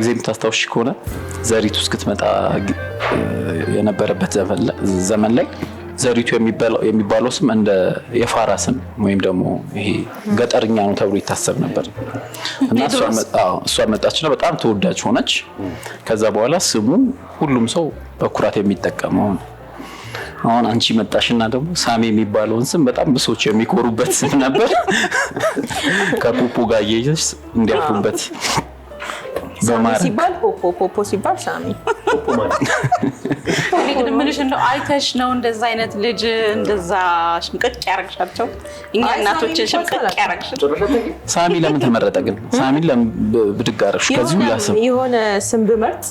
ጊዜ የምታስታውሽ ከሆነ ዘሪቱ እስክትመጣ የነበረበት ዘመን ላይ ዘሪቱ የሚባለው ስም እንደ የፋራ ስም ወይም ደግሞ ይሄ ገጠርኛ ነው ተብሎ ይታሰብ ነበር እና እሷ መጣችና በጣም ተወዳጅ ሆነች። ከዛ በኋላ ስሙ ሁሉም ሰው በኩራት የሚጠቀመው ነው። አሁን አንቺ መጣሽና ደግሞ ሳሚ የሚባለውን ስም በጣም ብሶች የሚኮሩበት ስም ነበር። ከፑፑ ጋር እየሄደች እንዲያፉበት ሳሚ ሲባል ፖፖ ፖፖ ሲባል ሳሚ ግን ምንሽ እንደው አይተሽ ነው እንደዛ አይነት ልጅ እንደዛ ሽምቅቅ ያረግሻቸው እኛ እናቶችን ሽምቅቅ ያረግሽ። ሳሚ ለምን ተመረጠ ግን? ሳሚ ለምን ብድግ አረግሽ? ከዚህ ሁላ የሆነ ስም ብመርጥ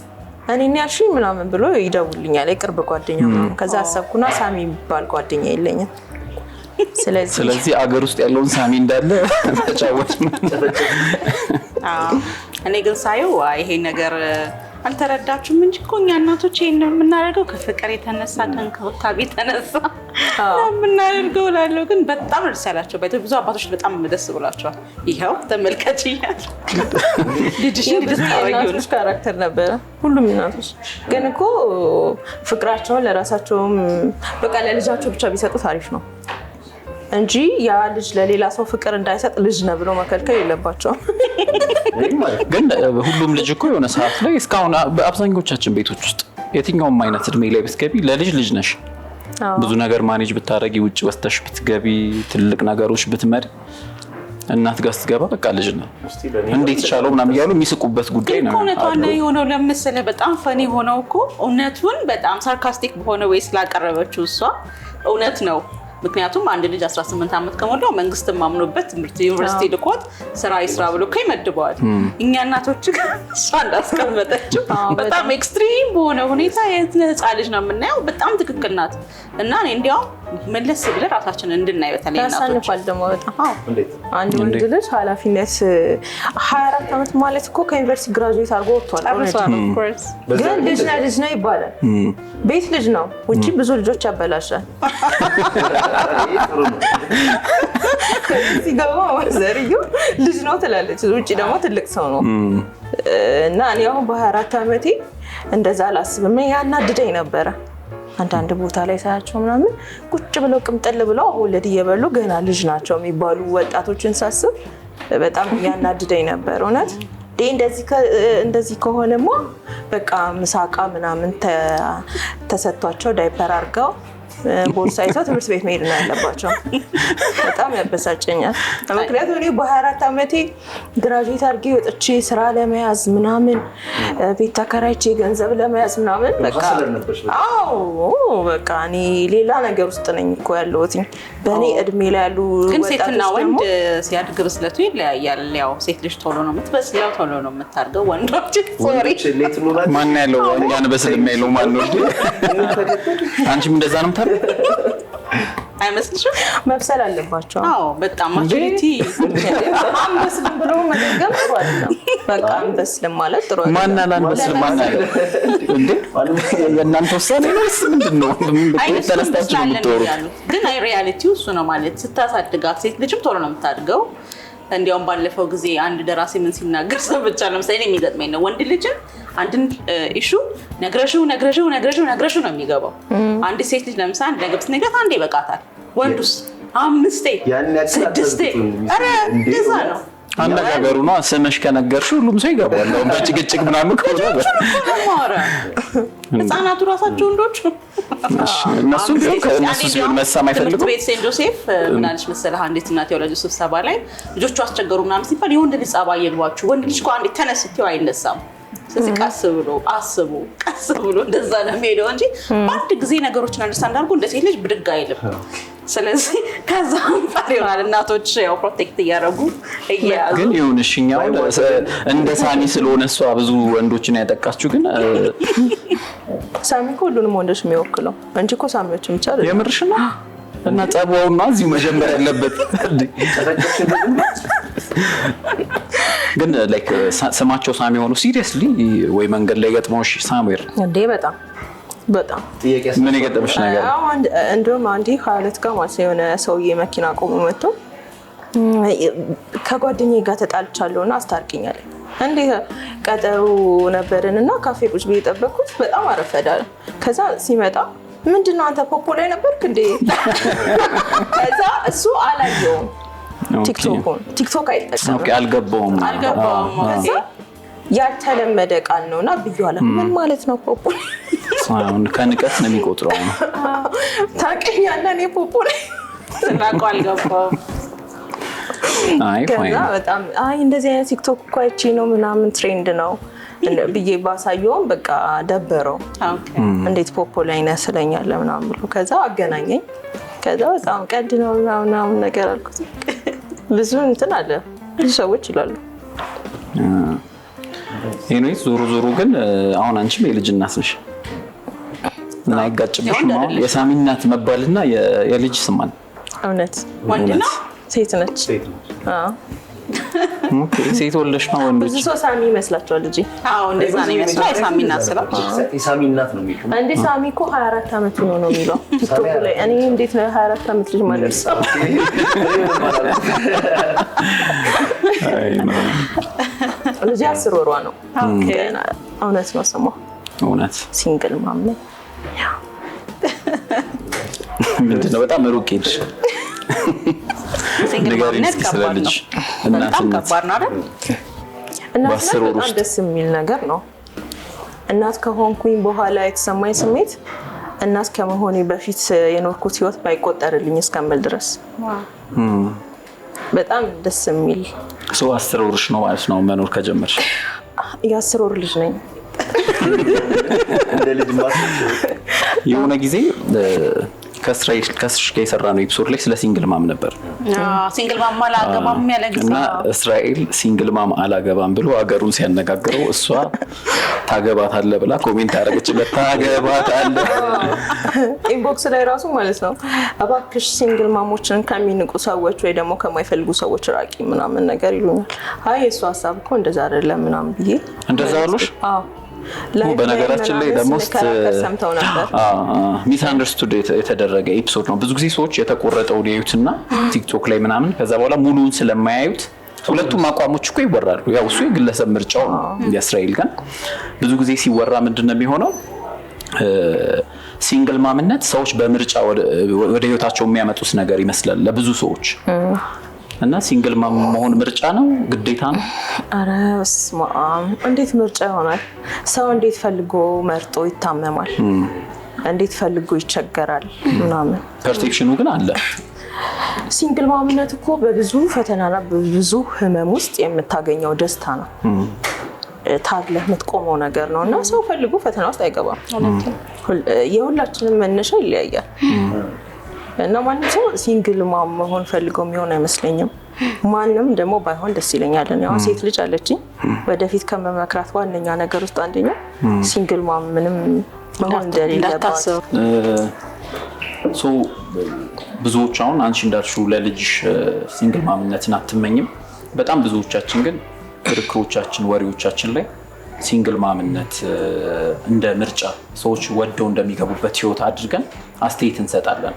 እኔ ያልሽኝ ምናምን ብሎ ይደውልኛል የቅርብ ጓደኛ። ከዛ አሰብኩና ሳሚ የሚባል ጓደኛ የለኝም። ስለዚህ አገር ውስጥ ያለውን ሳሚ እንዳለ ተጫወት እኔ ግን ሳየው ይሄ ነገር አልተረዳችሁም እንጂ እኮ እኛ እናቶች ይሄን ነው የምናደርገው፣ ከፍቅር የተነሳ ከእንክብካቤ የተነሳ የምናደርገው ላለው ግን በጣም ደስ ያላቸው ብዙ አባቶች በጣም ደስ ብሏቸዋል። ይኸው ተመልከች እያል ልጅሽ ካራክተር ነበረ። ሁሉም እናቶች ግን እኮ ፍቅራቸውን ለራሳቸውም በቃ ለልጃቸው ብቻ ቢሰጡት አሪፍ ነው። እንጂ ያ ልጅ ለሌላ ሰው ፍቅር እንዳይሰጥ ልጅ ነው ብሎ መከልከል የለባቸውም። ግን ሁሉም ልጅ እኮ የሆነ ሰዓት ላይ እስካሁን በአብዛኞቻችን ቤቶች ውስጥ የትኛውም አይነት እድሜ ላይ ብትገቢ ለልጅ ልጅ ነሽ። ብዙ ነገር ማኔጅ ብታደረጊ፣ ውጭ ወስተሽ ብትገቢ፣ ትልቅ ነገሮች ብትመሪ እናት ጋር ስትገባ በቃ ልጅ ነው እንዴት ይቻለው ምናምን እያሉ የሚስቁበት ጉዳይ ነው። እውነቷ ላይ የሆነው ለምስለ በጣም ፈኒ የሆነው እኮ እውነቱን በጣም ሳርካስቲክ በሆነ ወይ ስላቀረበችው እሷ እውነት ነው ምክንያቱም አንድ ልጅ 18 ዓመት ከሞላው መንግስት ማምኖበት ትምህርት ዩኒቨርሲቲ ልኮት ስራ ይስራ ብሎ ይመድበዋል። እኛ እናቶች ጋር እሷ እንዳስቀመጠችው በጣም ኤክስትሪም በሆነ ሁኔታ የህፃን ልጅ ነው የምናየው። በጣም ትክክል ናት እና እንዲያውም መለስ ብለ ራሳችን እንድናይ በተለይ እናቶች አንድ ወንድ ልጅ ኃላፊነት ሀያ አራት ዓመት ማለት እኮ ከዩኒቨርሲቲ ግራጁዌት አድርጎ ወጥቷል። ግን ልጅ ነህ ልጅ ነህ ይባላል። ቤት ልጅ ነው፣ ውጭ ብዙ ልጆች ያበላሻል። ሲገባ ዘርዩ ልጅ ነው ትላለች፣ ውጭ ደግሞ ትልቅ ሰው ነው እና እኔ አሁን በ24 ዓመቴ እንደዛ አላስብም። ያናድደኝ ነበረ አንዳንድ ቦታ ላይ ሳያቸው ምናምን ቁጭ ብለው ቅምጥል ብለው ወለድ እየበሉ ገና ልጅ ናቸው የሚባሉ ወጣቶችን ሳስብ በጣም ያናድደኝ ነበር። እውነት እንደዚህ ከሆነማ በቃ ምሳቃ ምናምን ተሰጥቷቸው ዳይፐር አድርገው ቦርሳ ይዘው ትምህርት ቤት መሄድ ነው ያለባቸው። በጣም ያበሳጨኛል። ምክንያቱም እኔ በ24 ዓመቴ ግራጁዌት አድርጌ ወጥቼ ስራ ለመያዝ ምናምን ቤት ተከራይቼ ገንዘብ ለመያዝ ምናምን በቃ እኔ ሌላ ነገር ውስጥ ነኝ እኮ ያለሁት። በእኔ እድሜ ላይ ያሉ ግን ሴትና ወንድ ሲያድግ ብስለቱ ይለያያል። ያው ሴት ልጅ ቶሎ ነው የምትበስለው፣ ቶሎ ነው የምታድገው። ወንዶች ማን ያለው እኛን በስልም ያለው ማን ነው? አንቺም እንደዛ ነው ምታ አይመስልሽም? መብሰል አለባቸው። አዎ፣ በጣም ማቹሪቲ አንበስልም ብሎ መጠገም ጥሩ አይደለም። በቃ አንበስልም ማለት ጥሩ አይደለም። ማን አላንበስልም? እንዴ? የእናንተ ውሳኔ ነው ምንድን ነው? ተነስታችሁ የምትወሩት? ግን ሪያሊቲው እሱ ነው ማለት ስታሳድጋት ሴት ልጅም ቶሎ ነው የምታድገው እንዲያውም ባለፈው ጊዜ አንድ ደራሲ ምን ሲናገር ሰምቻ ለምሳሌ የሚገጥመኝ ነው። ወንድ ልጅን አንድን ኢሹ ነግረሽው ነግረሽው ነግረሽው ነግረሽው ነው የሚገባው። አንድ ሴት ልጅ ለምሳ አንድ ነገር ስትነግራት አንዴ ይበቃታል። ወንዱስ አምስቴ ስድስቴ ረ እንደዛ ነው አነጋገሩ ነው። ስምሽ ከነገርሽ ሁሉም ሰው ይገባል። በጭቅጭቅ ምናምን ከሆነ ህጻናቱ ራሳቸው ወንዶች ነው። እነሱ ከእነሱ ሲሆን መሳም አይፈልጉም። ቤት ሴንት ጆሴፍ ምን አለች መሰለህ፣ አንዲት እናት የወላጆች ስብሰባ ላይ ልጆቹ አስቸገሩ ምናምን ሲባል የወንድ ልጅ ጸባይ አይግባችሁ፣ ወንድ ልጅ አንዴ ተነስቴው አይነሳም። ስለዚህ ቀስ ብሎ አስቡ፣ ቀስ ብሎ እንደዛ ነው የሚሄደው እንጂ በአንድ ጊዜ ነገሮችን አንደርስታንድ አድርጎ እንደ ሴት ልጅ ብድግ አይልም። ስለዚህ ከዛ አንጻር ይሆናል እናቶች ያው ፕሮቴክት እያደረጉ እየያዙ ግን ይሁንሽ እኛ እንደ ሳሚ ስለሆነ እሷ ብዙ ወንዶችን ያጠቃችሁ ግን ሳሚ እኮ ሁሉንም ወንዶች የሚወክለው እንጂ እኮ ሳሚዎች ብቻ የምርሽ ነው እና ጸባውና እዚሁ መጀመር ያለበት ግን ስማቸው ሳሚ ሆኑ ሲሪየስሊ ወይ መንገድ ላይ ገጥመውሽ ሳሙኤል እንዴ በጣም በጣም ምን የገጠመሽ ነገር? እንዲሁም አንዴ ከአለት ጋር ማለት ነው የሆነ ሰውዬ መኪና ቆሞ መጥቶ ከጓደኛ ጋር ተጣልቻለሁ እና አስታርቂኛለኝ። እንዴ ቀጠሩ ነበርን እና ካፌ ቁጭ ብዬ ጠበቅኩት። በጣም አረፈዳል። ከዛ ሲመጣ ምንድነው አንተ ፖፖ ላይ ነበርክ እንዴ? ከዛ እሱ አላየውም ቲክቶኩን ቲክቶክ አይጠቀምም። አልገባውም አልገባውም ያልተለመደ ቃል ነው እና ብዩኋላ ምን ማለት ነው? ፖፖ ከንቀት ነው የሚቆጥረው። ታውቀኛለህ፣ እኔ ፖፖ ስናውቀው አልገባሁም። ከዛ በጣም አይ እንደዚህ አይነት ቲክቶክ እኮ አይቼ ነው ምናምን ትሬንድ ነው ብዬ ባሳየውም በቃ ደበረው። እንዴት ፖፖ ላይ ያስለኛል ምናምን ብሎ ከዛ አገናኘኝ። ከዛ በጣም ቀድ ነው ምናምን ነገር አልኩት። ብዙ እንትን አለ ብዙ ሰዎች ይላሉ ኤኒዌይስ ዞሮ ዞሮ ግን አሁን አንቺም የልጅ እናት ነሽ እና አይጋጭብሽም። አሁን የሳሚ እናት መባልና የልጅ ስማን እውነት ወንድ ሴት ነች? ሴት ወለሽ ነው ወንዶች ብዙ ሰው ሳሚ ይመስላቸዋል። ልጅ ሳሚ እንደ ሳሚ እኮ 24 ዓመት ሆኖ ነው የሚለው ቲክቶክ ላይ። እኔ እንዴት ነው 24 ዓመት ልጅ ማለት ነው? ልጅ አስር ወሯ ነው። እውነት ነው ስሟ እውነት ሲንግል ማምነ ምንድን ነው? በጣም ሩቅ ሄድ ሲንግል እናትነት በጣም ደስ የሚል ነገር ነው። እናት ከሆንኩኝ በኋላ የተሰማኝ ስሜት እናት ከመሆኔ በፊት የኖርኩት ህይወት ባይቆጠርልኝ እስከምል ድረስ በጣም ደስ የሚል አስር ወርሽ ነው ማለት ነው መኖር ከጀመርሽ? የአስር ወር ልጅ ነኝ። የሆነ ጊዜ ከእስራኤል ጋር የሰራ ነው ኤፒሶድ ላይ ስለ ሲንግል ማም ነበር። ሲንግል ማም አላገባም ያለ ጊዜ እና እስራኤል ሲንግል ማም አላገባም ብሎ ሀገሩን ሲያነጋግረው እሷ ታገባት አለ ብላ ኮሜንት ያደረገችበት ታገባት አለ ኢንቦክስ ላይ ራሱ ማለት ነው። እባክሽ ሲንግል ማሞችን ከሚንቁ ሰዎች ወይ ደግሞ ከማይፈልጉ ሰዎች ራቂ ምናምን ነገር ይሉኛል። አይ እሱ ሀሳብ እኮ እንደዛ አይደለም ምናምን ብዬ እንደዛ አሉሽ በነገራችን ላይ ደግሞ ሚስ አንደርስቱድ የተደረገ ኤፒሶድ ነው። ብዙ ጊዜ ሰዎች የተቆረጠውን ያዩትና ቲክቶክ ላይ ምናምን ከዛ በኋላ ሙሉውን ስለማያዩት ሁለቱም አቋሞች እኮ ይወራሉ። ያው እሱ የግለሰብ ምርጫው ነው። የእስራኤል ግን ብዙ ጊዜ ሲወራ ምንድን ነው የሚሆነው? ሲንግል ማምነት ሰዎች በምርጫ ወደ ህይወታቸው የሚያመጡት ነገር ይመስላል ለብዙ ሰዎች እና ሲንግል መሆን ምርጫ ነው ግዴታ ነው? አረ በስመ አብ! እንዴት ምርጫ ይሆናል? ሰው እንዴት ፈልጎ መርጦ ይታመማል? እንዴት ፈልጎ ይቸገራል? ምናምን ፐርሴፕሽኑ ግን አለ። ሲንግል ማምነት እኮ በብዙ ፈተናና በብዙ ህመም ውስጥ የምታገኘው ደስታ ነው ታለ የምትቆመው ነገር ነው እና ሰው ፈልጎ ፈተና ውስጥ አይገባም። የሁላችንም መነሻ ይለያያል። እና ማንም ሰው ሲንግል ማም መሆን ፈልገው የሚሆን አይመስለኝም። ማንም ደግሞ ባይሆን ደስ ይለኛል። ያው ሴት ልጅ አለችኝ። ወደፊት ከመመክራት ዋነኛ ነገር ውስጥ አንደኛው ሲንግል ማም ምንም መሆን እንደሌለባት ብዙዎች አሁን አንቺ እንዳልሽው ለልጅሽ ሲንግል ማምነትን አትመኝም። በጣም ብዙዎቻችን ግን ክርክሮቻችን፣ ወሬዎቻችን ላይ ሲንግል ማምነት እንደ ምርጫ ሰዎች ወደው እንደሚገቡበት ህይወት አድርገን አስተያየት እንሰጣለን።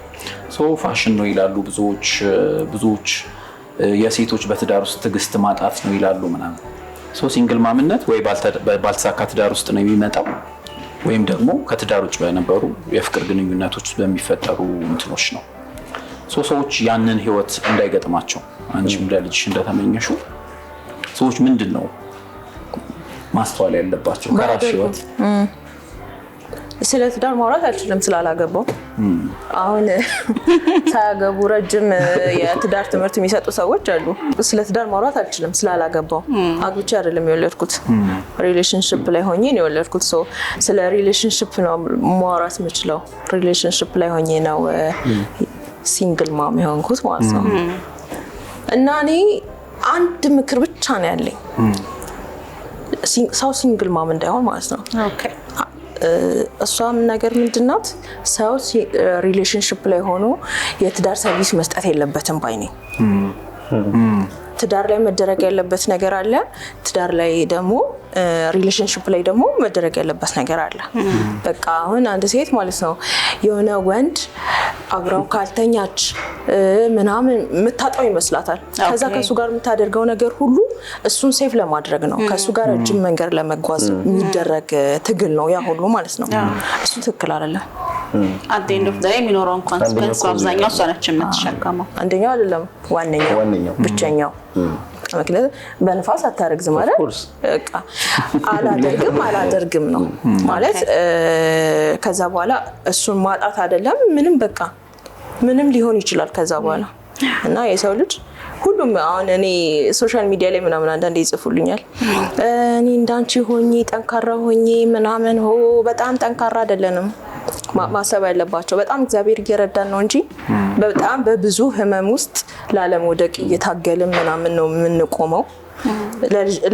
ፋሽን ነው ይላሉ ብዙዎች። ብዙዎች የሴቶች በትዳር ውስጥ ትዕግስት ማጣት ነው ይላሉ ምናምን። ሰው ሲንግል ማምነት ወይ ባልተሳካ ትዳር ውስጥ ነው የሚመጣው ወይም ደግሞ ከትዳር ውጭ በነበሩ የፍቅር ግንኙነቶች በሚፈጠሩ እንትኖች ነው። ሰዎች ያንን ህይወት እንዳይገጥማቸው አንቺም ለልጅሽ እንደተመኘሹ ሰዎች ምንድን ነው ማስተዋል ያለባቸው ከራስሽ ህይወት ስለ ትዳር ማውራት አልችልም ስላላገባው። አሁን ሳያገቡ ረጅም የትዳር ትምህርት የሚሰጡ ሰዎች አሉ። ስለ ትዳር ማውራት አልችልም ስላላገባው። አግብቼ አይደለም የወለድኩት፣ ሪሌሽንሽፕ ላይ ሆኜ ነው የወለድኩት። ሰው ስለ ሪሌሽንሽፕ ነው ማውራት የምችለው። ሪሌሽንሽፕ ላይ ሆኜ ነው ሲንግል ማም የሆንኩት ማለት ነው። እና እኔ አንድ ምክር ብቻ ነው ያለኝ ሰው ሲንግል ማም እንዳይሆን ማለት ነው። እሷም ነገር ምንድናት ሰው ሪሌሽንሽፕ ላይ ሆኖ የትዳር ሰርቪስ መስጠት የለበትም ባይኔ ትዳር ላይ መደረግ ያለበት ነገር አለ። ትዳር ላይ ደግሞ ሪሌሽንሽፕ ላይ ደግሞ መደረግ ያለበት ነገር አለ። በቃ አሁን አንድ ሴት ማለት ነው የሆነ ወንድ አብረው ካልተኛች ምናምን የምታጣው ይመስላታል። ከዛ ከእሱ ጋር የምታደርገው ነገር ሁሉ እሱን ሴፍ ለማድረግ ነው። ከእሱ ጋር ረጅም መንገድ ለመጓዝ የሚደረግ ትግል ነው ያ ሁሉ ማለት ነው። እሱ ትክክል አይደለም። አት ኤንድ ኦፍ ዘ የሚኖረውን ኮንሲኩዌንስ በአብዛኛው እሷ ነች የምትሸከመው። አንደኛው አይደለም ዋነኛው ዋነኛው ብቸኛው ምክንያቱም በንፋስ አታረግዝ ማለት በቃ አላደርግም አላደርግም ነው ማለት። ከዛ በኋላ እሱን ማጣት አይደለም ምንም በቃ ምንም ሊሆን ይችላል ከዛ በኋላ እና የሰው ልጅ ሁሉም አሁን እኔ ሶሻል ሚዲያ ላይ ምናምን አንዳንዴ ይጽፉልኛል። እኔ እንዳንቺ ሆኜ ጠንካራ ሆኜ ምናምን ሆ በጣም ጠንካራ አይደለንም ማሰብ ያለባቸው በጣም እግዚአብሔር እየረዳን ነው እንጂ በጣም በብዙ ህመም ውስጥ ላለመውደቅ እየታገልን ምናምን ነው የምንቆመው።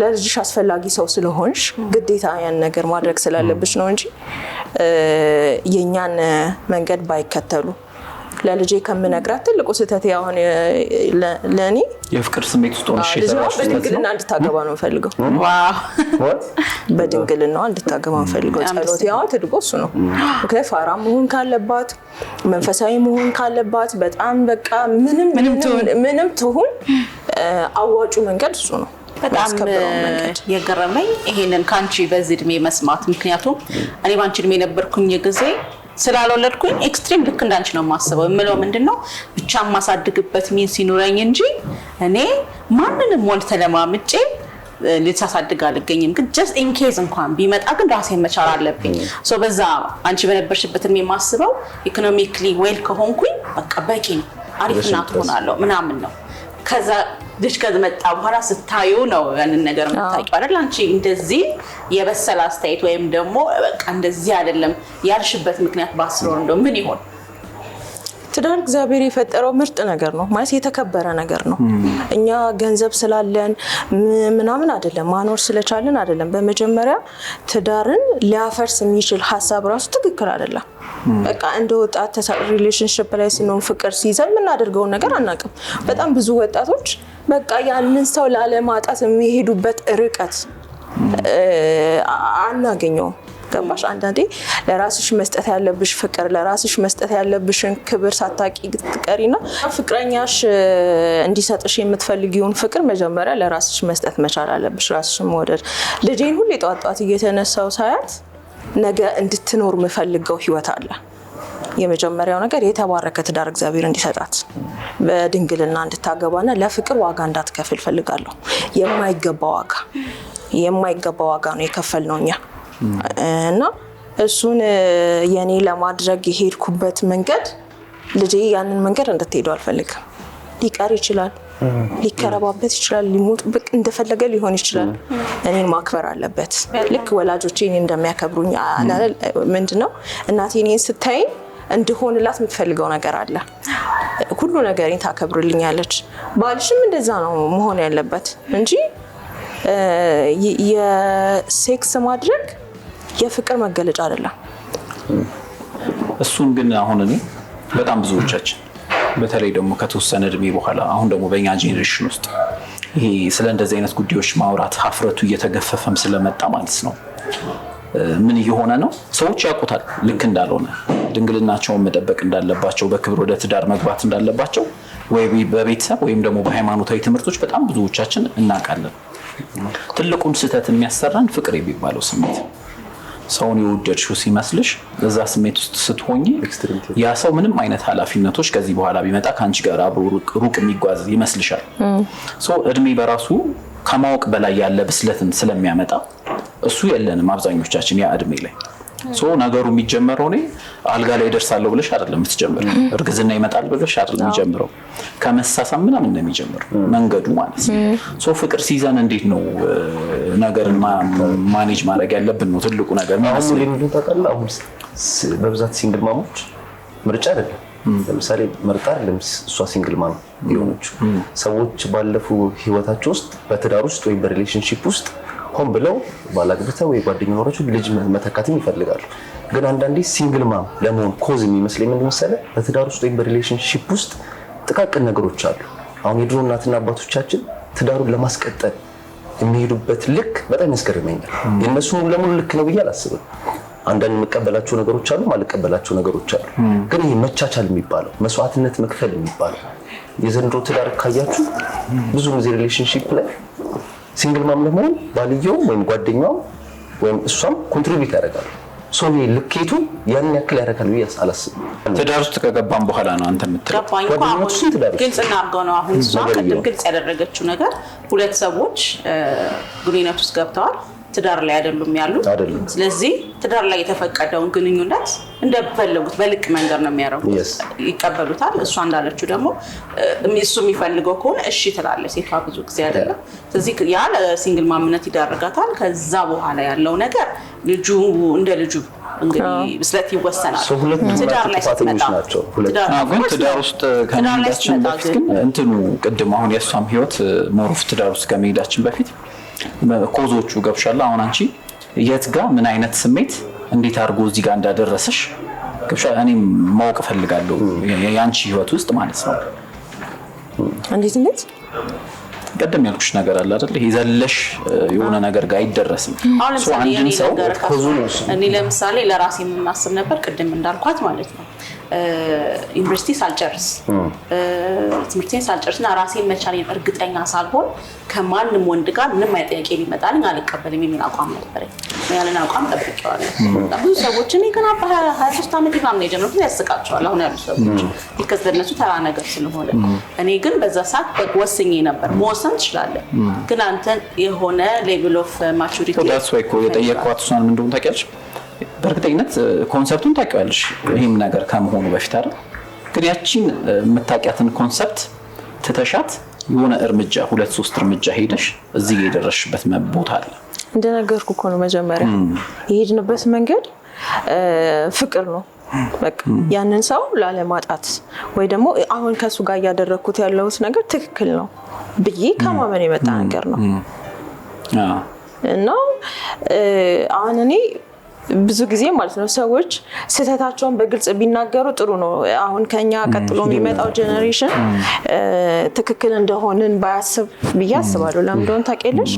ለልጅሽ አስፈላጊ ሰው ስለሆንሽ ግዴታ ያን ነገር ማድረግ ስላለብሽ ነው እንጂ የእኛን መንገድ ባይከተሉ ለልጄ ከምነግራት ትልቁ ስህተት ያሁን ለእኔ የፍቅር ስሜት ውስጥ ሆነሽ በድንግልና እንድታገባ ነው ፈልገው በድንግልና እንድታገባ ፈልገው ጸሎት ያዋ ትድጎ እሱ ነው። ምክንያት ፋራ መሆን ካለባት መንፈሳዊ መሆን ካለባት በጣም በቃ ምንም ትሁን አዋጩ መንገድ እሱ ነው። በጣም የገረመኝ ይሄንን ከአንቺ በዚህ እድሜ መስማት ምክንያቱም እኔ ባንቺ እድሜ የነበርኩኝ ጊዜ ስላልወለድኩኝ ኤክስትሪም ልክ እንዳንቺ ነው የማስበው። የምለው ምንድን ነው ብቻ የማሳድግበት ሚን ሲኖረኝ እንጂ እኔ ማንንም ወንድ ተለማምጬ ልጅ አልገኝም። ግን ጀስት ኢንኬዝ እንኳን ቢመጣ ግን ራሴ መቻል አለብኝ። በዛ አንቺ በነበርሽበትም የማስበው ኢኮኖሚክሊ ዌል ከሆንኩኝ በቃ በቂ ነው፣ አሪፍ እናት ሆናለሁ ምናምን ነው ከዛ ልጅ ከመጣ በኋላ ስታዩ ነው ያንን ነገር የምታውቂው አይደል? አንቺ እንደዚህ የበሰለ አስተያየት ወይም ደግሞ በቃ እንደዚህ አይደለም ያልሽበት ምክንያት ባስሮ እንደው ምን ይሆን? ትዳር እግዚአብሔር የፈጠረው ምርጥ ነገር ነው ማለት የተከበረ ነገር ነው። እኛ ገንዘብ ስላለን ምናምን አይደለም፣ ማኖር ስለቻለን አይደለም። በመጀመሪያ ትዳርን ሊያፈርስ የሚችል ሀሳብ ራሱ ትክክል አይደለም። በቃ እንደ ወጣት ሪሌሽንሽፕ ላይ ስንሆን ፍቅር ሲይዘን የምናደርገውን ነገር አናውቅም። በጣም ብዙ ወጣቶች በቃ ያንን ሰው ላለማጣት የሚሄዱበት ርቀት አናገኘውም። ገባሽ? አንዳንዴ ለራስሽ መስጠት ያለብሽ ፍቅር፣ ለራስሽ መስጠት ያለብሽን ክብር ሳታቂ ትቀሪና ፍቅረኛሽ እንዲሰጥሽ የምትፈልጊውን ፍቅር መጀመሪያ ለራስሽ መስጠት መቻል አለብሽ፣ ራስሽ መውደድ። ልጄን ሁሌ ጠዋት ጠዋት እየተነሳው ሳያት ነገ እንድትኖር የምፈልገው ህይወት አለ የመጀመሪያው ነገር የተባረከ ትዳር እግዚአብሔር እንዲሰጣት በድንግልና እንድታገባና ለፍቅር ዋጋ እንዳትከፍል ፈልጋለሁ። የማይገባ ዋጋ የማይገባ ዋጋ ነው የከፈል ነው እኛ እና እሱን የኔ ለማድረግ የሄድኩበት መንገድ ልጄ ያንን መንገድ እንድትሄደው አልፈልግም። ሊቀር ይችላል፣ ሊከረባበት ይችላል፣ ሊሞት ብቅ እንደፈለገ ሊሆን ይችላል። እኔን ማክበር አለበት ልክ ወላጆቼ እኔ እንደሚያከብሩኝ ምንድነው እናቴ እኔን ስታይኝ እንድሆንላት የምትፈልገው ነገር አለ። ሁሉ ነገሬን ታከብርልኛለች። ባልሽም እንደዛ ነው መሆን ያለበት እንጂ የሴክስ ማድረግ የፍቅር መገለጫ አይደለም። እሱን ግን አሁን እኔ በጣም ብዙዎቻችን በተለይ ደግሞ ከተወሰነ እድሜ በኋላ አሁን ደግሞ በእኛ ጄኔሬሽን ውስጥ ይሄ ስለ እንደዚህ አይነት ጉዳዮች ማውራት ሀፍረቱ እየተገፈፈም ስለመጣ ማለት ነው ምን እየሆነ ነው? ሰዎች ያውቁታል ልክ እንዳልሆነ፣ ድንግልናቸውን መጠበቅ እንዳለባቸው፣ በክብር ወደ ትዳር መግባት እንዳለባቸው ወይ በቤተሰብ ወይም ደግሞ በሃይማኖታዊ ትምህርቶች በጣም ብዙዎቻችን እናውቃለን። ትልቁን ስህተት የሚያሰራን ፍቅር የሚባለው ስሜት ሰውን የወደድሽው ሲመስልሽ እዛ ስሜት ውስጥ ስትሆኝ ያ ሰው ምንም አይነት ኃላፊነቶች ከዚህ በኋላ ቢመጣ ከአንቺ ጋር አብሮ ሩቅ የሚጓዝ ይመስልሻል። እድሜ በራሱ ከማወቅ በላይ ያለ ብስለትን ስለሚያመጣ እሱ የለንም አብዛኞቻችን ያ እድሜ ላይ ነገሩ የሚጀመረው እኔ አልጋ ላይ ደርሳለሁ ብለሽ አይደለም የምትጀምር እርግዝና ይመጣል ብለሽ አይደለም የሚጀምረው ከመሳሳም ምናምን ነው የሚጀምር መንገዱ ማለት ነው። ፍቅር ሲይዘን እንዴት ነው ነገርን ማኔጅ ማድረግ ያለብን ነው ትልቁ ነገር። አሁን በብዛት ሲንግል ማሞች ምርጫ አይደለም ለምሳሌ መርጣ ለምስ እሷ ሲንግል ማም የሆነችው ሰዎች ባለፉ ህይወታቸው ውስጥ በትዳር ውስጥ ወይም በሪሌሽንሺፕ ውስጥ ሆን ብለው ባላግብተ ወይ ጓደኛ ኖራቸው ልጅ መተካትም ይፈልጋሉ። ግን አንዳንዴ ሲንግል ማም ለመሆን ኮዝ የሚመስለኝ ምን መሰለ፣ በትዳር ውስጥ ወይም በሪሌሽንሺፕ ውስጥ ጥቃቅን ነገሮች አሉ። አሁን የድሮ እናትና አባቶቻችን ትዳሩን ለማስቀጠል የሚሄዱበት ልክ በጣም ያስገርመኛል። የእነሱ ለሙሉ ልክ ነው ብዬ አላስብም። አንዳንድ የምቀበላቸው ነገሮች አሉ፣ ማልቀበላቸው ነገሮች አሉ። ግን ይህ መቻቻል የሚባለው መስዋዕትነት መክፈል የሚባለው የዘንድሮ ትዳር ካያችሁ ብዙ ጊዜ ሪሌሽንሽፕ ላይ ሲንግል ማም ለመሆን ባልየውም ወይም ጓደኛውም ወይም እሷም ኮንትሪቢዩት ያደርጋሉ። ሰው ልኬቱ ያን ያክል ያደርጋል ብዬ አላስብም። ትዳር ውስጥ ከገባም በኋላ ነው አንተ የምትለው ግልጽ ነው። አሁን እሷ ቅድም ግልጽ ያደረገችው ነገር ሁለት ሰዎች ግንኙነት ውስጥ ገብተዋል ትዳር ላይ አይደሉም ያሉ። ስለዚህ ትዳር ላይ የተፈቀደውን ግንኙነት እንደፈለጉት በልቅ መንገድ ነው የሚያደርጉት፣ ይቀበሉታል። እሷ እንዳለችው ደግሞ እሱ የሚፈልገው ከሆነ እሺ ትላለች ሴቷ ብዙ ጊዜ አይደለም። ስለዚህ ያ ለሲንግል ማምነት ይዳርጋታል። ከዛ በኋላ ያለው ነገር ልጁ እንደ ልጁ እንግዲህ ብስለት ይወሰናል። ትዳር ላይ ስትመጣ ግን ትዳር ውስጥ ከመሄዳችን በፊት ግን እንትኑ ቅድም አሁን የእሷም ህይወት ሞሮፍ ትዳር ውስጥ ከመሄዳችን በፊት ኮዞቹ ገብሻላ አሁን አንቺ የት ጋ ምን አይነት ስሜት እንዴት አድርጎ እዚህ ጋር እንዳደረሰሽ ገብሻ እኔም ማወቅ እፈልጋለሁ የአንቺ ህይወት ውስጥ ማለት ነው። እንዴት እንዴት ቀደም ያልኩሽ ነገር አለ አይደል? ይሄ ዘለሽ የሆነ ነገር ጋር አይደረስም። አሁን ለምሳሌ ለራሴ የምናስብ ነበር ቅድም እንዳልኳት ማለት ነው ዩኒቨርሲቲ ሳልጨርስ ትምህርቴን ሳልጨርስ ሳልጨርስና ራሴን መቻሌን እርግጠኛ ሳልሆን ከማንም ወንድ ጋር ምንም አይነት ጥያቄ ቢመጣልኝ አልቀበልም የሚል አቋም ነበረኝ። ያለን አቋም ጠብቄዋለሁ። ብዙ ሰዎች እኔ ግን በሀያ 23 ዓመት ምናምን የጀመርኩት ያስቃቸዋል አሁን ያሉ ሰዎች ቢከስ ለእነሱ ተራ ነገር ስለሆነ፣ እኔ ግን በዛ ሰዓት ወስኜ ነበር። መወሰን ትችላለህ፣ ግን አንተን የሆነ ሌቭል ኦፍ ማቹሪቲ የጠየቅኳት እሷን ምንድን ታውቂያለሽ በእርግጠኝነት ኮንሰፕቱን ታውቂዋለሽ ይህም ነገር ከመሆኑ በፊት አይደል? ግን ያቺን የምታውቂያትን ኮንሰፕት ትተሻት የሆነ እርምጃ ሁለት ሶስት እርምጃ ሄደሽ እዚህ የደረስሽበት ቦታ አለ። እንደነገርኩ እኮ ነው መጀመሪያ የሄድንበት መንገድ ፍቅር ነው። በቃ ያንን ሰው ላለማጣት ወይ ደግሞ አሁን ከእሱ ጋር እያደረግኩት ያለሁት ነገር ትክክል ነው ብዬ ከማመን የመጣ ነገር ነው እና አሁን እኔ ብዙ ጊዜ ማለት ነው ሰዎች ስህተታቸውን በግልጽ ቢናገሩ ጥሩ ነው። አሁን ከኛ ቀጥሎ የሚመጣው ጀኔሬሽን ትክክል እንደሆንን ባያስብ ብዬ አስባለሁ። ለምንደሆን ታውቂያለሽ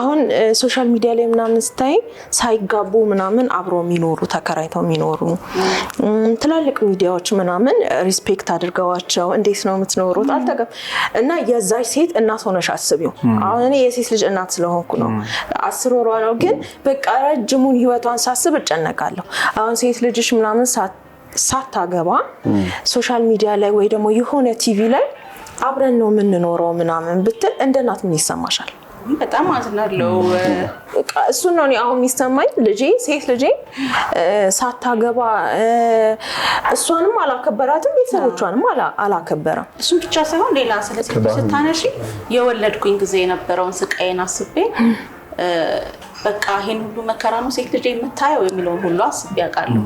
አሁን ሶሻል ሚዲያ ላይ ምናምን ስታይ ሳይጋቡ ምናምን አብሮ የሚኖሩ ተከራይተው የሚኖሩ ትላልቅ ሚዲያዎች ምናምን ሪስፔክት አድርገዋቸው እንዴት ነው የምትኖሩት አልተገብ እና የዛች ሴት እናት ሆነሽ አስቢው። አሁን እኔ የሴት ልጅ እናት ስለሆንኩ ነው አስር ወሯ ነው፣ ግን በቃ ረጅሙን ህይወቷን ሳስብ እጨነቃለሁ። አሁን ሴት ልጅሽ ምናምን ሳታገባ ሶሻል ሚዲያ ላይ ወይ ደግሞ የሆነ ቲቪ ላይ አብረን ነው የምንኖረው ምናምን ብትል እንደ እናት ምን ይሰማሻል? በጣም አዝናለው። እሱን ነው አሁን የሚሰማኝ። ልጄ ሴት ልጄ ሳታገባ እሷንም አላከበራትም፣ ቤተሰቦቿንም አላከበረም። እሱን ብቻ ሳይሆን ሌላ ስለ ሴቶች ስታነሺ የወለድኩኝ ጊዜ የነበረውን ስቃይን አስቤ በቃ ይሄን ሁሉ መከራ ነው ሴት ልጅ የምታየው የሚለውን ሁሉ አስቤ አውቃለሁ።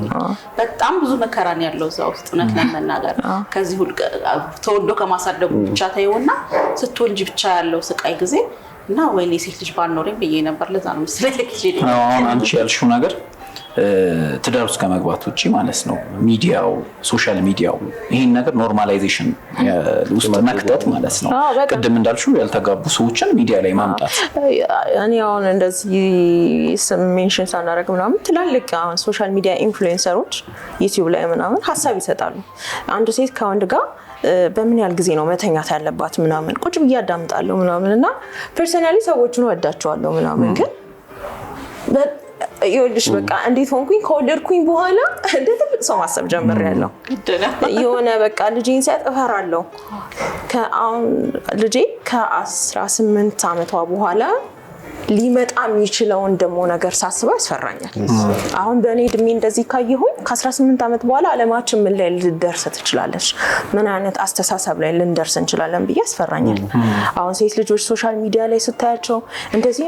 በጣም ብዙ መከራ ነው ያለው እዛ ውስጥ እውነት ለመናገር ከዚህ ተወልዶ ከማሳደጉ ብቻ ተይውና ስትወልጅ ብቻ ያለው ስቃይ ጊዜ እና ወይኔ ሴት ልጅ ባልኖረኝ ብዬ ነበር። ለዛ ነው ምስል አሁን አንቺ ያልሽው ነገር ትዳር ውስጥ ከመግባት ውጭ ማለት ነው ሚዲያው፣ ሶሻል ሚዲያው ይህን ነገር ኖርማላይዜሽን ውስጥ መክተት ማለት ነው። ቅድም እንዳልሽው ያልተጋቡ ሰዎችን ሚዲያ ላይ ማምጣት እኔ አሁን እንደዚህ ሜንሽን ሳናደርግ ምናምን ትላልቅ ሶሻል ሚዲያ ኢንፍሉዌንሰሮች ዩቲዩብ ላይ ምናምን ሀሳብ ይሰጣሉ አንዱ ሴት ከወንድ ጋር በምን ያህል ጊዜ ነው መተኛት ያለባት ምናምን ቁጭ ብዬ አዳምጣለሁ ምናምን እና ፐርሰናሊ ሰዎችን ወዳቸዋለሁ ምናምን ግን ይኸውልሽ በቃ እንዴት ሆንኩኝ ከወለድኩኝ በኋላ እንደ ትልቅ ሰው ማሰብ ጀምሬያለሁ። የሆነ በቃ ልጄን ሲያጥ እፈራለሁ። አሁን ልጄ ከ18 ዓመቷ በኋላ ሊመጣ የሚችለውን ደግሞ ነገር ሳስበው ያስፈራኛል። አሁን በእኔ እድሜ እንደዚህ ካየሁኝ ከ18 ዓመት በኋላ አለማችን ምን ላይ ልደርስ ትችላለች፣ ምን አይነት አስተሳሰብ ላይ ልንደርስ እንችላለን ብዬ ያስፈራኛል። አሁን ሴት ልጆች ሶሻል ሚዲያ ላይ ስታያቸው እንደዚህ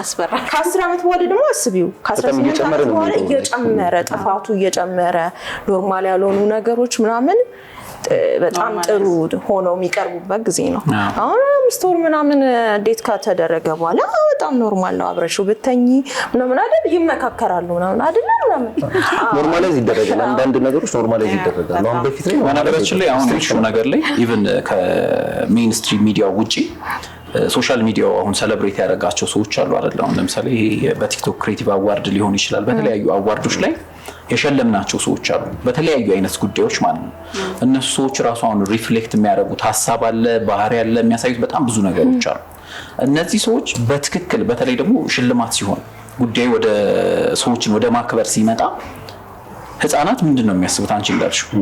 ያስፈራል። ከ10 ዓመት በኋላ ደግሞ አስቢው፣ ከ18 ዓመት በኋላ እየጨመረ ጥፋቱ እየጨመረ ኖርማል ያልሆኑ ነገሮች ምናምን በጣም ጥሩ ሆኖ የሚቀርቡበት ጊዜ ነው። አሁን አምስት ወር ምናምን እንዴት ከተደረገ በኋላ በጣም ኖርማል ነው። አብረሽው ብተኝ ምናምን አይደል ይመካከራሉ ምናምን አይደለ ምናምን ኖርማላይዝ ይደረጋል። አንዳንድ ነገሮች ኖርማላይዝ ይደረጋሉ። አሁን በፊት ላይ በነገራችን ላይ አሁን ነገር ላይ ኢቨን ከሜንስትሪም ሚዲያ ውጭ ሶሻል ሚዲያው አሁን ሰለብሬት ያደረጋቸው ሰዎች አሉ አይደል? አሁን ለምሳሌ ይሄ በቲክቶክ ክሬቲቭ አዋርድ ሊሆን ይችላል። በተለያዩ አዋርዶች ላይ የሸለምናቸው ሰዎች አሉ፣ በተለያዩ አይነት ጉዳዮች ማለት ነው። እነሱ ሰዎች ራሱ አሁን ሪፍሌክት የሚያደርጉት ሀሳብ አለ፣ ባህሪ አለ፣ የሚያሳዩት በጣም ብዙ ነገሮች አሉ። እነዚህ ሰዎች በትክክል በተለይ ደግሞ ሽልማት ሲሆን ጉዳዩ ወደ ሰዎችን ወደ ማክበር ሲመጣ ህፃናት ምንድን ነው የሚያስቡት አንቺ እንዳልሽው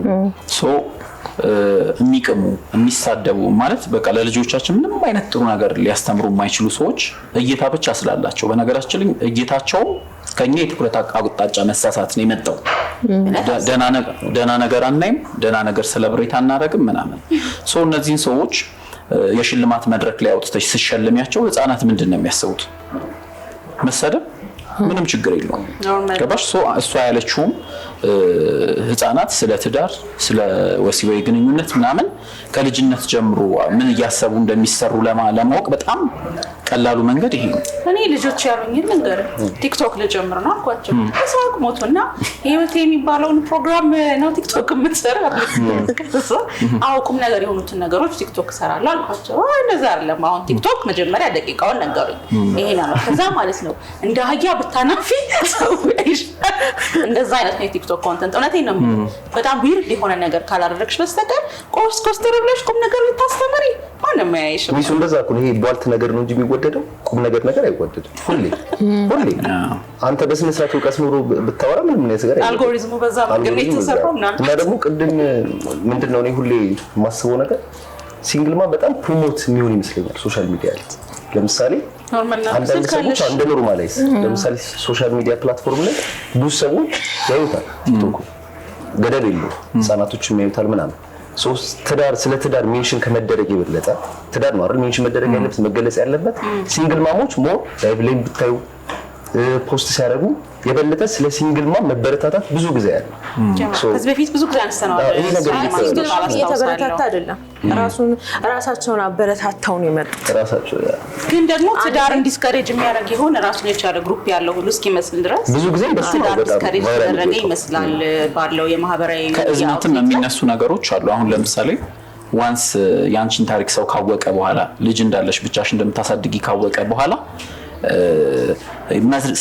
የሚቅሙ የሚሳደቡ ማለት በቃ ለልጆቻችን ምንም አይነት ጥሩ ነገር ሊያስተምሩ የማይችሉ ሰዎች እይታ ብቻ ስላላቸው፣ በነገራችን ላይ እይታቸውም ከኛ የትኩረት አቅጣጫ መሳሳት ነው የመጣው። ደህና ነገር አናይም፣ ደህና ነገር ሰለብሬት አናደርግም ምናምን ሰው እነዚህን ሰዎች የሽልማት መድረክ ላይ አውጥተሽ ስሸልሚያቸው ህፃናት ምንድን ነው የሚያስቡት? መሰደብ ምንም ችግር የለውም። ገባሽ? እሷ ያለችውም ህፃናት ስለ ትዳር፣ ስለ ወሲባዊ ግንኙነት ምናምን ከልጅነት ጀምሮ ምን እያሰቡ እንደሚሰሩ ለማወቅ በጣም ቀላሉ መንገድ ይሄ ነው። እኔ ልጆች ያሉኝ መንገር ቲክቶክ ልጀምር ነው አልኳቸው። ሳቅ ሞቱ እና ህይወት የሚባለውን ፕሮግራም ነው ቲክቶክ የምትሰራ አውቁም ነገር የሆኑትን ነገሮች ቲክቶክ እሰራለሁ አልኳቸው። እንደዛ አይደለም አሁን ቲክቶክ መጀመሪያ ደቂቃውን ነገሩኝ። ይሄ ነው ከዛ ማለት ነው እንደ አህያ ብታናፊ እንደዛ አይነት ነው የቲክቶክ ኮንተንት እውነቴን ነው በጣም ዊርድ የሆነ ነገር ካላደረግሽ በስተቀር ቆስ ኮስተር ብለሽ ቁም ነገር ልታስተምሪ ማንም አያይሽም። ሚሱ እንደዛ እኮ ይሄ ቧልት ነገር ነው እንጂ የሚወደደው ቁም ነገር ነገር አይወደድም። ሁሌ ሁሌ አንተ በስነ ስርዓት እውቀት ኖሮ ብታወራ ምንም ነው ነገር አይደለም። አልጎሪዝሙ በዛ መንገድ የተሰራው ምናምን እና ደግሞ ቅድም ምንድን ነው እኔ ሁሌ የማስበው ነገር ሲንግልማ በጣም ፕሮሞት የሚሆን ይመስለኛል ሶሻል ሚዲያ ላይ ለምሳሌ አንዳንድ ሰዎች አንድ እንደ ኖርማላይዝ ለምሳሌ ሶሻል ሚዲያ ፕላትፎርም ላይ ብዙ ሰዎች ያዩታል። ቲክቶክ ገደብ የለው ህጻናቶችም ያዩታል ምናምን ትዳር ስለ ትዳር ሜንሽን ከመደረግ የበለጠ ትዳር ነው አይደል ሜንሽን መደረግ ያለበት መገለጽ ያለበት ሲንግል ማሞች ሞር ላይቭ ላይ ብታዩ ፖስት ሲያደርጉ የበለጠ ስለ ሲንግል ማም መበረታታት ብዙ ጊዜ ያለ ከዚህ በፊት ብዙ ጊዜ እየተበረታታ አይደለም። ራሱን ራሳቸውን አበረታታው ነው የመጡት። ግን ደግሞ ትዳር እንዲስከሬጅ የሚያደርግ የሆነ ራሱን የቻለ ግሩፕ ያለው ሁሉ እስኪመስል ድረስ ብዙ ጊዜ ትዳር ዲስከሬጅ ተደረገ ይመስላል ባለው የማህበራዊ ከእዝነትም የሚነሱ ነገሮች አሉ። አሁን ለምሳሌ ዋንስ የአንቺን ታሪክ ሰው ካወቀ በኋላ ልጅ እንዳለሽ ብቻሽ እንደምታሳድጊ ካወቀ በኋላ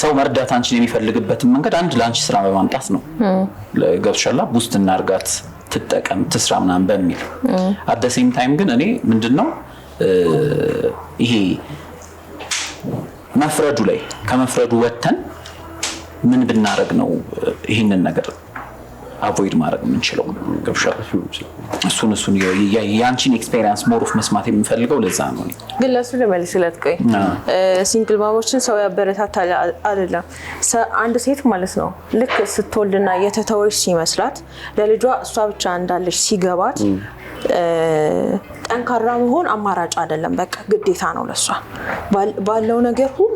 ሰው መርዳት አንቺን የሚፈልግበትን መንገድ አንድ ለአንቺ ስራ በማምጣት ነው። ገብቶሻል? ቡስት እናርጋት፣ ትጠቀም፣ ትስራ ምናምን በሚል አደሴም ታይም ግን እኔ ምንድን ነው ይሄ መፍረዱ ላይ ከመፍረዱ ወጥተን ምን ብናደርግ ነው ይህንን ነገር አቮይድ ማድረግ የምንችለው እሱን እሱን የአንቺን ኤክስፔሪንስ ሞሮፍ መስማት የምፈልገው ለዛ ነው። ግን ለእሱ ልመልስለት። ቆይ ሲንግል ማሞችን ሰው ያበረታታል አይደለም? አንድ ሴት ማለት ነው ልክ ስትወልድና የተተወች ሲመስላት ለልጇ እሷ ብቻ እንዳለች ሲገባት ጠንካራ መሆን አማራጭ አይደለም፣ በቃ ግዴታ ነው ለሷ ባለው ነገር ሁሉ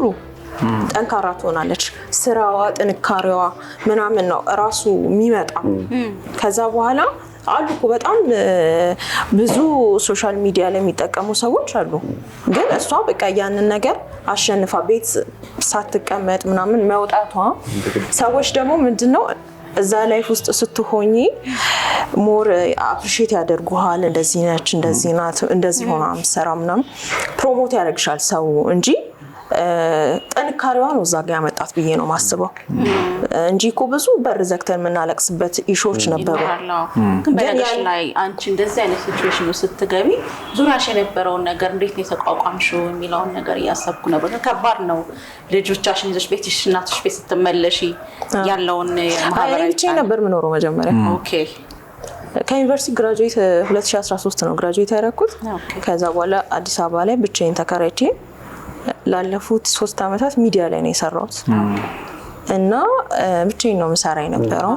ጠንካራ ትሆናለች። ስራዋ፣ ጥንካሬዋ ምናምን ነው እራሱ የሚመጣ ከዛ በኋላ አሉ እኮ በጣም ብዙ ሶሻል ሚዲያ ላይ የሚጠቀሙ ሰዎች አሉ። ግን እሷ በቃ ያንን ነገር አሸንፋ ቤት ሳትቀመጥ ምናምን መውጣቷ ሰዎች ደግሞ ምንድነው እዛ ላይፍ ውስጥ ስትሆኝ ሞር አፕሪሼት ያደርጉሃል። እንደዚህ ነች፣ እንደዚህ ናት፣ እንደዚህ ሆና ምሰራ ምናምን ፕሮሞት ያደርግሻል ሰው እንጂ ጥንካሬዋን እዛ ጋ ያመጣት ብዬ ነው ማስበው እንጂ እኮ ብዙ በር ዘግተን የምናለቅስበት ኢሾች ነበሩ። ግን በነገር ላይ አንቺ እንደዚህ አይነት ሲቹዌሽን ውስጥ ስትገቢ ዙሪያሽ የነበረውን ነገር እንዴት ነው የተቋቋምሽው የሚለውን ነገር እያሰብኩ ነበር። ከባድ ነው። ልጆቻሽን ይዘሽ ቤትሽ እናትሽ ቤት ስትመለሽ ያለውን ማህበራዊ ብቻ ነበር የምኖረው መጀመሪያ ኦኬ ከዩኒቨርሲቲ ግራጁዌት 2013 ነው ግራጁዌት ያደረኩት። ከዛ በኋላ አዲስ አበባ ላይ ብቻዬን ተከራይቼ ላለፉት ሶስት አመታት ሚዲያ ላይ ነው የሰራሁት እና ብቻዬን ነው የምሰራ የነበረው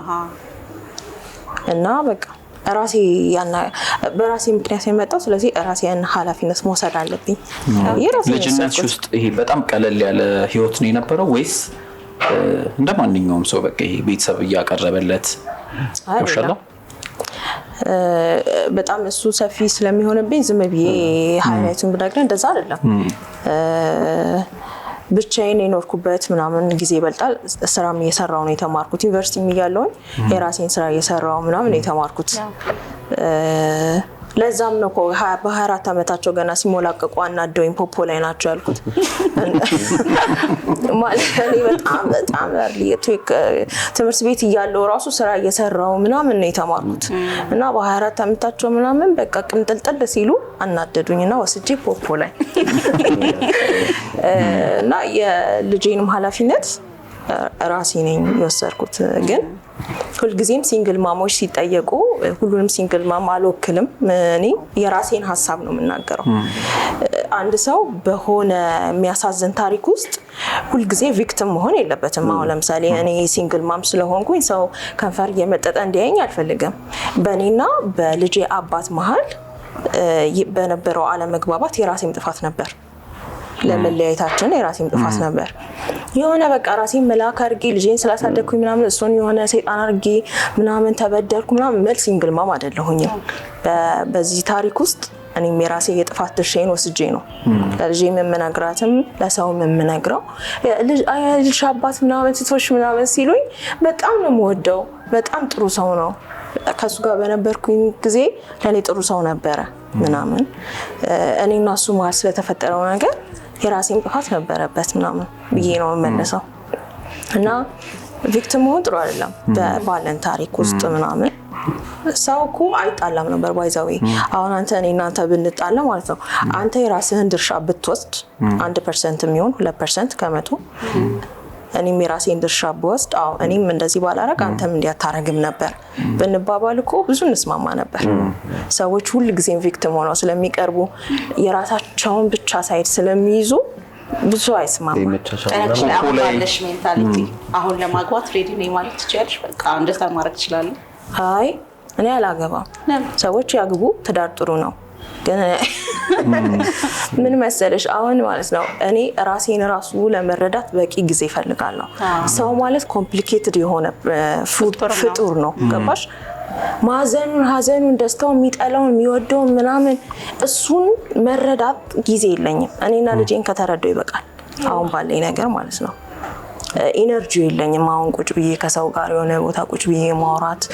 እና በቃ ራሴ ያና በራሴ ምክንያት የመጣው ስለዚህ ራሴ ያን ኃላፊነት መውሰድ አለብኝ። ልጅነት ውስጥ ይሄ በጣም ቀለል ያለ ህይወት ነው የነበረው ወይስ እንደ ማንኛውም ሰው በቃ ይሄ ቤተሰብ እያቀረበለት ይሻለው? በጣም እሱ ሰፊ ስለሚሆንብኝ ዝም ብዬ ሀይላይቱን ብነግረህ እንደዛ አይደለም። ብቻዬን የኖርኩበት ምናምን ጊዜ ይበልጣል። ስራም እየሰራው ነው የተማርኩት። ዩኒቨርሲቲ እያለሁኝ የራሴን ስራ እየሰራው ምናምን የተማርኩት ለዛም ነው እኮ በ24 ዓመታቸው ገና ሲሞላቀቁ አናደውኝ ፖፖ ላይ ናቸው ያልኩት። ማለት እኔ በጣም በጣም ትምህርት ቤት እያለው ራሱ ስራ እየሰራው ምናምን ነው የተማርኩት እና በ24 ዓመታቸው ምናምን በቃ ቅምጥልጥል ሲሉ አናደዱኝ እና ወስጄ ፖፖ ላይ እና የልጄንም ኃላፊነት ራሴ ነኝ የወሰድኩት። ግን ሁልጊዜም ሲንግል ማሞች ሲጠየቁ ሁሉንም ሲንግል ማም አልወክልም። እኔ የራሴን ሀሳብ ነው የምናገረው። አንድ ሰው በሆነ የሚያሳዝን ታሪክ ውስጥ ሁልጊዜ ቪክቲም መሆን የለበትም። አሁን ለምሳሌ እኔ ሲንግል ማም ስለሆንኩኝ ሰው ከንፈር እየመጠጠ እንዲያየኝ አልፈልግም። በእኔና በልጄ አባት መሀል በነበረው አለመግባባት የራሴም ጥፋት ነበር። ለመለያየታችን የራሴም ጥፋት ነበር። የሆነ በቃ ራሴ መላክ አድርጌ ልጄን ስላሳደግኩኝ ምናምን እሱን የሆነ ሰይጣን አድርጌ ምናምን ተበደልኩ ምናምን መልስ ሲንግል ማም አይደለሁኝም። በዚህ ታሪክ ውስጥ እኔም የራሴ የጥፋት ድርሻዬን ወስጄ ነው ለልጄ የምነግራትም ለሰው የምነግረው። ልጅ አባት ምናምን ሴቶች ምናምን ሲሉኝ በጣም ነው የምወደው። በጣም ጥሩ ሰው ነው ከእሱ ጋር በነበርኩኝ ጊዜ ለእኔ ጥሩ ሰው ነበረ ምናምን። እኔና እሱ መሀል ስለተፈጠረው ነገር የራሴን ጥፋት ነበረበት ምናምን ብዬ ነው የምመለሰው። እና ቪክቲም መሆን ጥሩ አይደለም በባለን ታሪክ ውስጥ ምናምን ሰው እኮ አይጣላም ነበር ባይዛዊ አሁን አንተ እኔ እናንተ ብንጣላ ማለት ነው አንተ የራስህን ድርሻ ብትወስድ አንድ ፐርሰንት የሚሆን ሁለት ፐርሰንት ከመቶ እኔም የራሴን ድርሻ ብወስድ አዎ እኔም እንደዚህ ባላረግ አንተም እንዲያታረግም ነበር ብንባባል እኮ ብዙ እንስማማ ነበር። ሰዎች ሁል ጊዜም ቪክቲም ሆነው ስለሚቀርቡ የራሳቸውን ብቻ ሳይድ ስለሚይዙ ብዙ አይስማማም። ለማግባት ሬዲ ነኝ ማለት ትችያለሽ? በቃ እንደዛ ማድረግ ትችላለህ? አይ እኔ አላገባም። ሰዎች ያግቡ፣ ትዳር ጥሩ ነው ግን ምን መሰለሽ አሁን ማለት ነው እኔ ራሴን ራሱ ለመረዳት በቂ ጊዜ እፈልጋለሁ። ሰው ማለት ኮምፕሊኬትድ የሆነ ፍጡር ነው። ገባሽ? ማዘኑን፣ ሀዘኑን ደስታውን፣ የሚጠላውን፣ የሚወደውን ምናምን እሱን መረዳት ጊዜ የለኝም። እኔና ልጄን ከተረዳው ይበቃል። አሁን ባለኝ ነገር ማለት ነው ኢነርጂ የለኝም። አሁን ቁጭ ብዬ ከሰው ጋር የሆነ ቦታ ቁጭ ብዬ ማውራት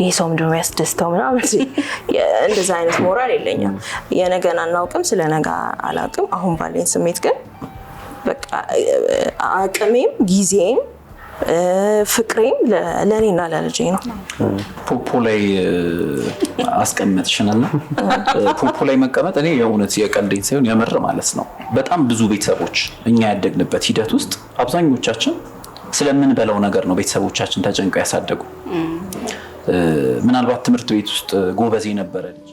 ይህ ሰው ምንድን ነው ያስደስተው ምናምን እንደዚ አይነት ሞራል የለኝም። የነገን አናውቅም፣ ስለ ነገ አላውቅም። አሁን ባለኝ ስሜት ግን በቃ አቅሜም ጊዜም ፍቅሬም ለእኔና ለልጄ ነው። ፑፑ ላይ አስቀመጥሽንና ፑፑ ላይ መቀመጥ እኔ የእውነት የቀልደኝ ሳይሆን የምር ማለት ነው። በጣም ብዙ ቤተሰቦች እኛ ያደግንበት ሂደት ውስጥ አብዛኞቻችን ስለምንበላው ነገር ነው ቤተሰቦቻችን ተጨንቀው ያሳደጉ። ምናልባት ትምህርት ቤት ውስጥ ጎበዜ ነበረ